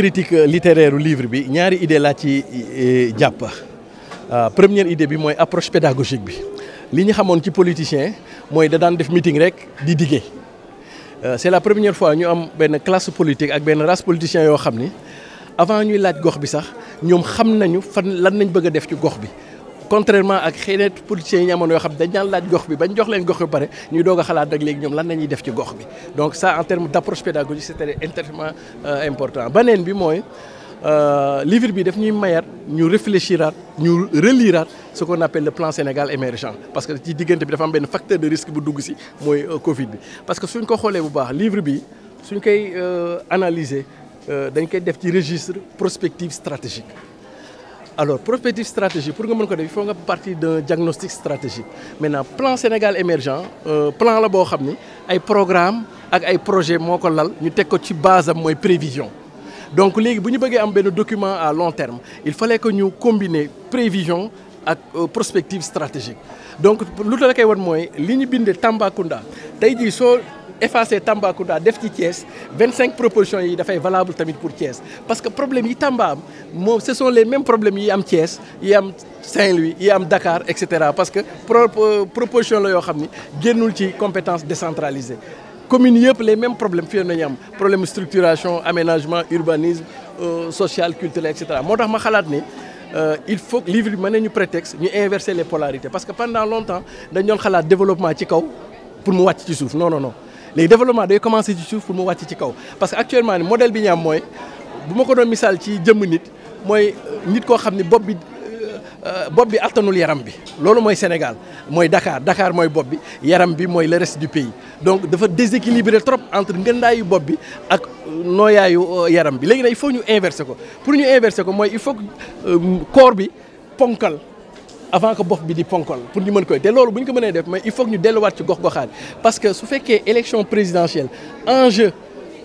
critique littéraire livre bi ñaari idée laa ci e, jàpp euh, première idée bi mooy approche pédagogique bi li ñu xamoon ci politiciens, mooy da daan def meeting rek di diggee euh, c'est la première fois ñu am benn classe politique ak benn race politicien yoo xam avant ñuy laaj gox bi sax ñoom xam nañu fan lan nañ bëgg a def ci gox bi contrairement à que que politiciens ont xam dañ donc ça en termes d'approche pédagogique c'était euh, important beneen bi le euh, livre bi daf ñuy ce qu'on appelle le plan Sénégal émergent parce que ci diggante facteur de risque bu dugg euh, Covid parce que si on le livre bi suñ analyser registre prospectif stratégique alors prospective stratégie pour que vous ko il faut nga partir d'un diagnostic stratégique maintenant plan Sénégal émergent euh, plan la un programme ak un projet nous avons lal base de prévision donc si nous ñu un am document à long terme il fallait que nous combinions prévision ak euh, prospective stratégique donc lu la koy wan mooy de ñu bindee Tambacounda tey jii effacer effacé Tambacounda def ci Thiès vingt propositions yi dafay valable tamit pour Thiès parce que problème yi Tamba am ce sont les mêmes problèmes yi am Thiès yi am Saint-Louis yi am Dakar etc. parce que euh, proposition la yoo xam ni génnul ci compétence décentralisée communes les mêmes problèmes fii nañu am problème structuration aménagement urbanisme euh, social culturel etc. cetera moo ma xalaat euh, il faut que livre bi mën prétexte ñu inverser les polarités parce que pendant longtemps dañ doon xalaat développement ci kaw pour mu wàcc ci souf non non non les développement day commencer ci souf pour mu wàcc ci kaw parce que actuellement le modèle bi ñam moy mooy bu ma ko doon misaal ci jëm nit moy nit ko xamni ni bopp bi euh, bop bi attanul yaram bi lolu moy Sénégal moy Dakar Dakar moy bop bi yaram bi moy le reste du pays donc dafa déséquilibrer trop entre ngëndaayu et bi ak euh, nooyaayu euh, yaram bi il faut ñu inverser ko pour ñu inverser ko mooy il faut que euh, corps bi ponkal avant que Bobby bi di ponkal pour ñu mën koy te ko def mais il faut que ñu delluwaat ci gox parce que su fekkee élection présidentielle un enjeu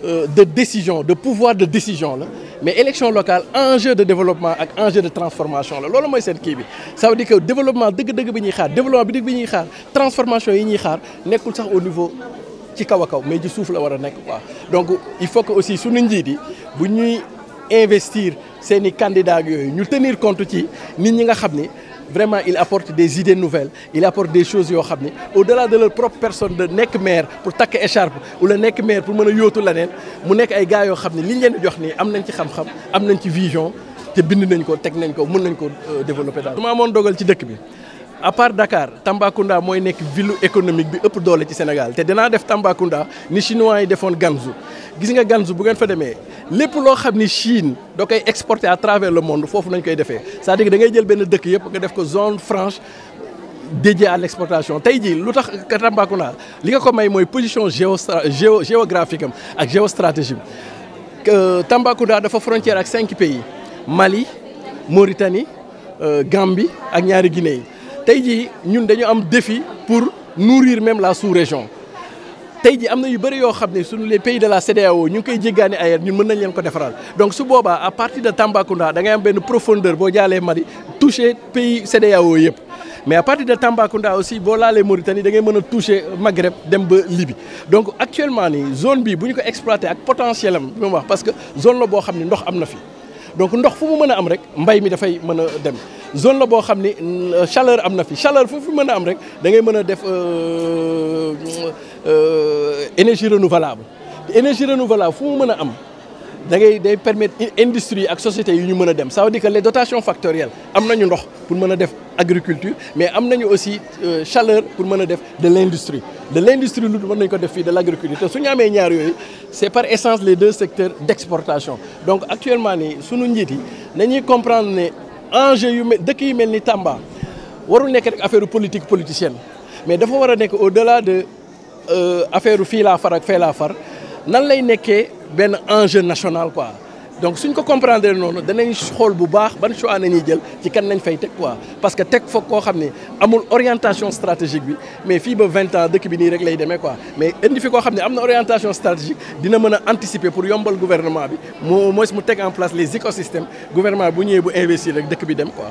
de décision de pouvoir de décision la mais élection locale enjeu de développement un enjeu de transformation la loolu moy seen ki bi ça veut dire que développement deug deug bi ñuy xaar développement bi deug bi ñuy xaar transformation yi ñuy xaar nekul sax au niveau ci kaw mais ci suuf la wara nek quoi donc il faut que aussi suñu njiit buñuy investir seen candidat candidats yooyu ñu tenir compte ci nit ñi nga xamni vraiment il apporte des idées nouvelles il apporte des choses yo xam au-delà de leur propre personne de nek maire pour tak écharpe ou le nek maire pour mën a lanen mu nek ay gars yo xam ne liñ leen jox ni am nañ ci xam-xam am nañ ci vision té bind nañ ko teg nañ ko mën nañ ko euh, développer daal. su ma dogal ci dëkk bi à part Dakar Tambacounda moy nek ville économique bi ëpp doole ci Sénégal té dina def Tambacounda ni chinois yi defoon ganzu gis nga Ganzu, bu ngeen fa démé lépp loo xam ni Chine da koy exporter à travers le monde foofu nañ koy defee c'est-à-dire da ngay jël benn dëkk yëpp nga def ko zone franche dédiée à l'exportation tey jii lu tax Tambacounda li nga ko may mooy position géo géographique am ak géostratégie euh, Tambacounda dafa frontière ak cinq pays Mali Mauritanie euh, Gambie ak ñaari Guinée yi tey jii ñun dañu am défi pour nourrir même la sous-région tey ji am yu bëri yo xamné suñu les pays de la CEDEAO ñu ngi koy jéggaani ailleurs ñun mën nañ leen ko defaral donc su boba, à partir de Tambacounda da ngay am ben profondeur bo jalé Mali toucher pays CEDEAO yépp mais à partir de Tambacounda aussi la les Mauritanie da ngay mëna toucher Maghreb dem ba Libye donc actuellement ni zone bi buñ ko exploiter ak potentielam am wax parce que zone la bo xamné ndox amna fi donc ndox fu mu mëna am rek mbay mi da fay mëna dem zone la bo xamné chaleur amna fi chaleur fu mën mëna am rek da ngay mëna def euh, énergie renouvelable L'énergie renouvelable il faut am da ngay day permettre industrie ak société yi ñu ça veut dire que les dotations factorielles am nañu ndox pour l'agriculture, def agriculture mais am nañu aussi euh, chaleur pour l'industrie. def de l'industrie, de l'industrie lu mën nañu ko def de l'agriculture. par essence les deux secteurs d'exportation. donc actuellement nous suñu njiit yi nañuy comprendre né enjeu yu mel qui yu mel Tamba warul nek rek affaire politique politicienne mais dafa wara voir au delà de euh, affaire fii la far ak fee laa far nan lay nekkee ben enjeu national quoi donc suñ ko comprendre noonu danañ xol bu baax ban choix nañu jël ci kan nañ fay tek quoi parce que tek fo ko xam amul orientation stratégique bi mais fi ba 20 ans dëkk bi ni rek lay démé quoi mais indi fi ko xam amna orientation stratégique dina mëna a anticiper pour yombal gouvernement bi mo mo moins mu tek en place les écosystèmes gouvernement bu ñëwé bu investir rek dëkk bi dem quoi